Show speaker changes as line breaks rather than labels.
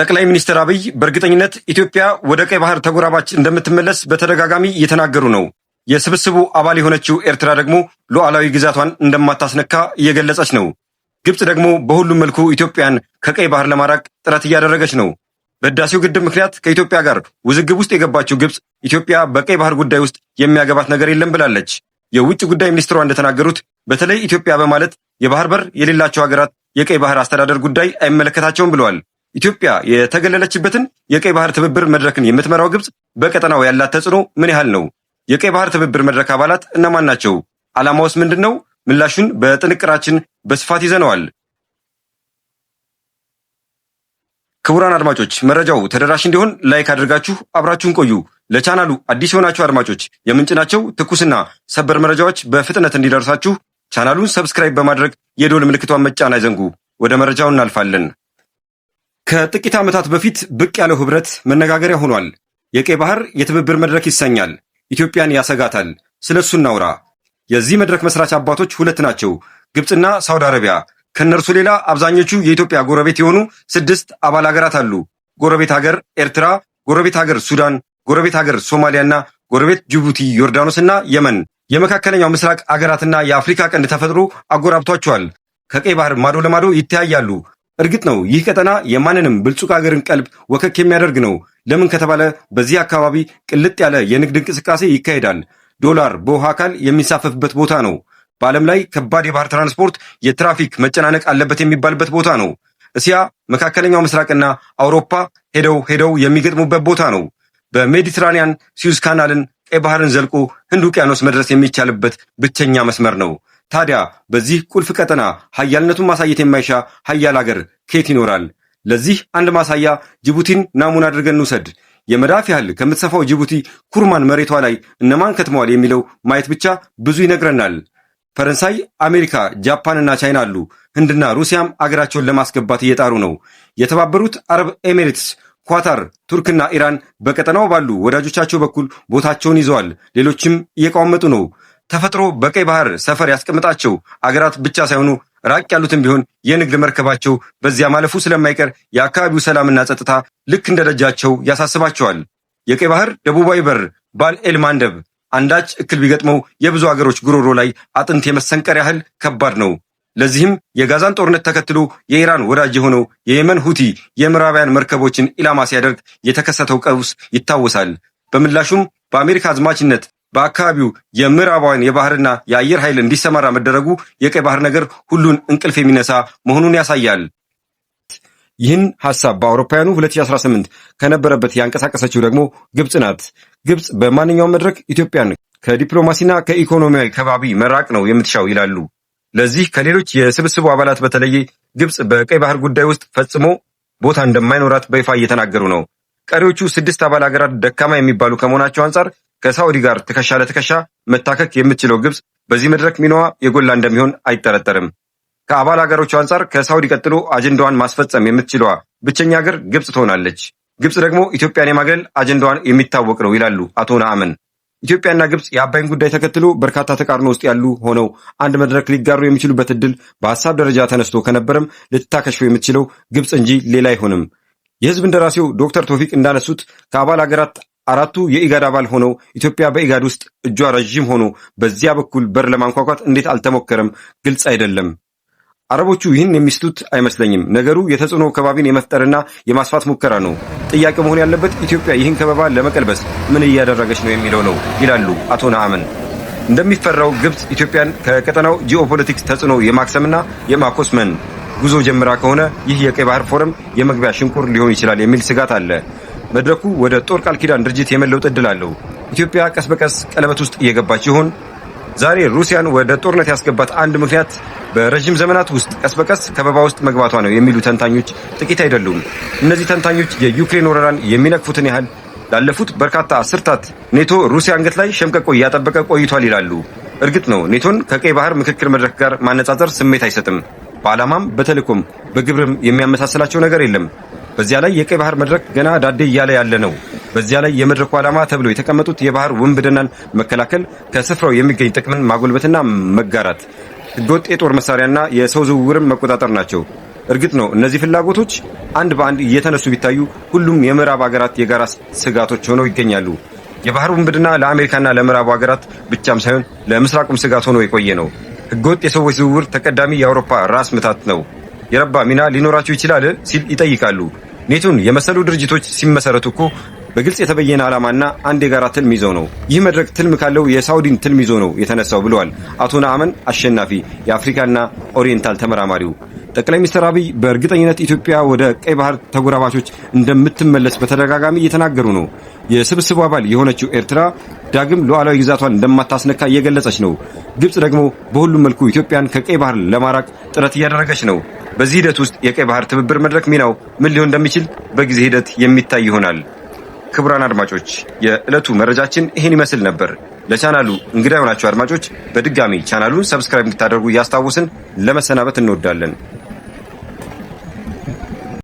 ጠቅላይ ሚኒስትር አብይ በእርግጠኝነት ኢትዮጵያ ወደ ቀይ ባህር ተጎራባች እንደምትመለስ በተደጋጋሚ እየተናገሩ ነው። የስብስቡ አባል የሆነችው ኤርትራ ደግሞ ሉዓላዊ ግዛቷን እንደማታስነካ እየገለጸች ነው። ግብፅ ደግሞ በሁሉም መልኩ ኢትዮጵያን ከቀይ ባህር ለማራቅ ጥረት እያደረገች ነው። በህዳሴው ግድብ ምክንያት ከኢትዮጵያ ጋር ውዝግብ ውስጥ የገባችው ግብፅ ኢትዮጵያ በቀይ ባህር ጉዳይ ውስጥ የሚያገባት ነገር የለም ብላለች። የውጭ ጉዳይ ሚኒስትሯ እንደተናገሩት በተለይ ኢትዮጵያ በማለት የባህር በር የሌላቸው ሀገራት የቀይ ባህር አስተዳደር ጉዳይ አይመለከታቸውም ብለዋል። ኢትዮጵያ የተገለለችበትን የቀይ ባህር ትብብር መድረክን የምትመራው ግብፅ በቀጠናው ያላት ተጽዕኖ ምን ያህል ነው? የቀይ ባህር ትብብር መድረክ አባላት እነማን ናቸው? ዓላማውስ ምንድን ነው? ምላሹን በጥንቅራችን በስፋት ይዘነዋል። ክቡራን አድማጮች መረጃው ተደራሽ እንዲሆን ላይክ አድርጋችሁ አብራችሁን ቆዩ። ለቻናሉ አዲስ የሆናችሁ አድማጮች የምንጭናቸው ትኩስና ሰበር መረጃዎች በፍጥነት እንዲደርሳችሁ ቻናሉን ሰብስክራይብ በማድረግ የዶል ምልክቷን መጫን አይዘንጉ። ወደ መረጃው እናልፋለን። ከጥቂት ዓመታት በፊት ብቅ ያለው ህብረት መነጋገሪያ ሆኗል። የቀይ ባህር የትብብር መድረክ ይሰኛል። ኢትዮጵያን ያሰጋታል፣ ስለ እሱ እናውራ። የዚህ መድረክ መስራች አባቶች ሁለት ናቸው፣ ግብፅና ሳውዲ አረቢያ። ከእነርሱ ሌላ አብዛኞቹ የኢትዮጵያ ጎረቤት የሆኑ ስድስት አባል ሀገራት አሉ። ጎረቤት ሀገር ኤርትራ፣ ጎረቤት ሀገር ሱዳን፣ ጎረቤት ሀገር ሶማሊያና ጎረቤት ጅቡቲ፣ ዮርዳኖስና የመን። የመካከለኛው ምስራቅ አገራትና የአፍሪካ ቀንድ ተፈጥሮ አጎራብቷቸዋል። ከቀይ ባህር ማዶ ለማዶ ይተያያሉ። እርግጥ ነው ይህ ቀጠና የማንንም ብልጹቅ ሀገርን ቀልብ ወከክ የሚያደርግ ነው። ለምን ከተባለ በዚህ አካባቢ ቅልጥ ያለ የንግድ እንቅስቃሴ ይካሄዳል። ዶላር በውሃ አካል የሚንሳፈፍበት ቦታ ነው። በዓለም ላይ ከባድ የባህር ትራንስፖርት የትራፊክ መጨናነቅ አለበት የሚባልበት ቦታ ነው። እስያ፣ መካከለኛው ምስራቅና አውሮፓ ሄደው ሄደው የሚገጥሙበት ቦታ ነው። በሜዲትራኒያን ሲዩዝ ካናልን ቀይ ባህርን ዘልቆ ህንድ ውቅያኖስ መድረስ የሚቻልበት ብቸኛ መስመር ነው። ታዲያ በዚህ ቁልፍ ቀጠና ሀያልነቱን ማሳየት የማይሻ ሀያል አገር ከየት ይኖራል? ለዚህ አንድ ማሳያ ጅቡቲን ናሙና አድርገን እንውሰድ። የመዳፍ ያህል ከምትሰፋው ጅቡቲ ኩርማን መሬቷ ላይ እነማን ከትመዋል የሚለው ማየት ብቻ ብዙ ይነግረናል። ፈረንሳይ፣ አሜሪካ፣ ጃፓንና ቻይና አሉ። ህንድና ሩሲያም አገራቸውን ለማስገባት እየጣሩ ነው። የተባበሩት አረብ ኤሚሬትስ፣ ኳታር፣ ቱርክና ኢራን በቀጠናው ባሉ ወዳጆቻቸው በኩል ቦታቸውን ይዘዋል። ሌሎችም እየቋመጡ ነው። ተፈጥሮ በቀይ ባህር ሰፈር ያስቀምጣቸው አገራት ብቻ ሳይሆኑ ራቅ ያሉትን ቢሆን የንግድ መርከባቸው በዚያ ማለፉ ስለማይቀር የአካባቢው ሰላምና ጸጥታ ልክ እንደ ደጃቸው ያሳስባቸዋል። የቀይ ባህር ደቡባዊ በር ባል ኤል ማንደብ አንዳች እክል ቢገጥመው የብዙ አገሮች ጉሮሮ ላይ አጥንት የመሰንቀር ያህል ከባድ ነው። ለዚህም የጋዛን ጦርነት ተከትሎ የኢራን ወዳጅ የሆነው የየመን ሁቲ የምዕራባውያን መርከቦችን ኢላማ ሲያደርግ የተከሰተው ቀውስ ይታወሳል። በምላሹም በአሜሪካ አዝማችነት በአካባቢው የምዕራባውያን የባህርና የአየር ኃይል እንዲሰማራ መደረጉ የቀይ ባህር ነገር ሁሉን እንቅልፍ የሚነሳ መሆኑን ያሳያል። ይህን ሐሳብ በአውሮፓውያኑ 2018 ከነበረበት ያንቀሳቀሰችው ደግሞ ግብፅ ናት። ግብፅ በማንኛውም መድረክ ኢትዮጵያን ከዲፕሎማሲና ከኢኮኖሚያዊ ከባቢ መራቅ ነው የምትሻው ይላሉ። ለዚህ ከሌሎች የስብስቡ አባላት በተለየ ግብፅ በቀይ ባህር ጉዳይ ውስጥ ፈጽሞ ቦታ እንደማይኖራት በይፋ እየተናገሩ ነው። ቀሪዎቹ ስድስት አባል ሀገራት ደካማ የሚባሉ ከመሆናቸው አንጻር ከሳውዲ ጋር ትከሻ ለትከሻ መታከክ የምትችለው ግብፅ በዚህ መድረክ ሚናዋ የጎላ እንደሚሆን አይጠረጠርም። ከአባል አገሮቹ አንጻር ከሳውዲ ቀጥሎ አጀንዳዋን ማስፈጸም የምትችለዋ ብቸኛ ሀገር ግብፅ ትሆናለች። ግብፅ ደግሞ ኢትዮጵያን የማግለል አጀንዳዋን የሚታወቅ ነው ይላሉ አቶ ነአምን። ኢትዮጵያና ግብፅ የአባይን ጉዳይ ተከትሎ በርካታ ተቃርኖ ውስጥ ያሉ ሆነው አንድ መድረክ ሊጋሩ የሚችሉበት እድል በሀሳብ ደረጃ ተነስቶ ከነበረም ልትታከሽፈው የምትችለው ግብፅ እንጂ ሌላ አይሆንም። የህዝብ እንደራሴው ዶክተር ቶፊቅ እንዳነሱት ከአባል ሀገራት አራቱ የኢጋድ አባል ሆነው ኢትዮጵያ በኢጋድ ውስጥ እጇ ረዥም ሆኖ በዚያ በኩል በር ለማንኳኳት እንዴት አልተሞከረም? ግልጽ አይደለም። አረቦቹ ይህን የሚስቱት አይመስለኝም። ነገሩ የተጽዕኖ ከባቢን የመፍጠርና የማስፋት ሙከራ ነው። ጥያቄ መሆን ያለበት ኢትዮጵያ ይህን ከበባ ለመቀልበስ ምን እያደረገች ነው የሚለው ነው ይላሉ አቶ ነአምን። እንደሚፈራው ግብፅ ኢትዮጵያን ከቀጠናው ጂኦፖለቲክስ ተጽዕኖ የማክሰምና የማኮስመን ጉዞ ጀምራ ከሆነ ይህ የቀይ ባህር ፎረም የመግቢያ ሽንቁር ሊሆን ይችላል የሚል ስጋት አለ። መድረኩ ወደ ጦር ቃል ኪዳን ድርጅት የመለውጥ እድል አለው። ኢትዮጵያ ቀስ በቀስ ቀለበት ውስጥ እየገባች ሲሆን ዛሬ ሩሲያን ወደ ጦርነት ያስገባት አንድ ምክንያት በረዥም ዘመናት ውስጥ ቀስ በቀስ ከበባ ውስጥ መግባቷ ነው የሚሉ ተንታኞች ጥቂት አይደሉም። እነዚህ ተንታኞች የዩክሬን ወረራን የሚነቅፉትን ያህል ላለፉት በርካታ አስርታት ኔቶ ሩሲያ አንገት ላይ ሸምቀቆ እያጠበቀ ቆይቷል ይላሉ። እርግጥ ነው ኔቶን ከቀይ ባህር ምክክር መድረክ ጋር ማነጻጸር ስሜት አይሰጥም። በዓላማም በተልእኮም በግብርም የሚያመሳስላቸው ነገር የለም። በዚያ ላይ የቀይ ባህር መድረክ ገና ዳዴ እያለ ያለ ነው። በዚያ ላይ የመድረኩ ዓላማ ተብሎ የተቀመጡት የባህር ውንብድናን መከላከል፣ ከስፍራው የሚገኝ ጥቅምን ማጎልበትና መጋራት፣ ህገወጥ የጦር መሳሪያና የሰው ዝውውርን መቆጣጠር ናቸው። እርግጥ ነው እነዚህ ፍላጎቶች አንድ በአንድ እየተነሱ ቢታዩ ሁሉም የምዕራብ ሀገራት የጋራ ስጋቶች ሆነው ይገኛሉ። የባህር ውንብድና ለአሜሪካና ለምዕራቡ ሀገራት ብቻም ሳይሆን ለምስራቁም ስጋት ሆኖ የቆየ ነው። ህገወጥ የሰዎች ዝውውር ተቀዳሚ የአውሮፓ ራስ ምታት ነው። የረባ ሚና ሊኖራቸው ይችላል ሲል ይጠይቃሉ። ኔቱን የመሰሉ ድርጅቶች ሲመሰረቱ እኮ በግልጽ የተበየነ ዓላማና አንድ የጋራ ትልም ይዘው ነው። ይህ መድረክ ትልም ካለው የሳውዲን ትልም ይዞ ነው የተነሳው ብለዋል አቶ ነአመን አሸናፊ የአፍሪካና ኦሪየንታል ተመራማሪው። ጠቅላይ ሚኒስትር አብይ በእርግጠኝነት ኢትዮጵያ ወደ ቀይ ባህር ተጎራባቾች እንደምትመለስ በተደጋጋሚ እየተናገሩ ነው። የስብስቡ አባል የሆነችው ኤርትራ ዳግም ሉዓላዊ ግዛቷን እንደማታስነካ እየገለጸች ነው። ግብጽ ደግሞ በሁሉም መልኩ ኢትዮጵያን ከቀይ ባህር ለማራቅ ጥረት እያደረገች ነው። በዚህ ሂደት ውስጥ የቀይ ባህር ትብብር መድረክ ሚናው ምን ሊሆን እንደሚችል በጊዜ ሂደት የሚታይ ይሆናል። ክቡራን አድማጮች የዕለቱ መረጃችን ይህን ይመስል ነበር። ለቻናሉ እንግዳ የሆናችሁ አድማጮች በድጋሚ ቻናሉን ሰብስክራይብ እንድታደርጉ እያስታወስን ለመሰናበት እንወዳለን።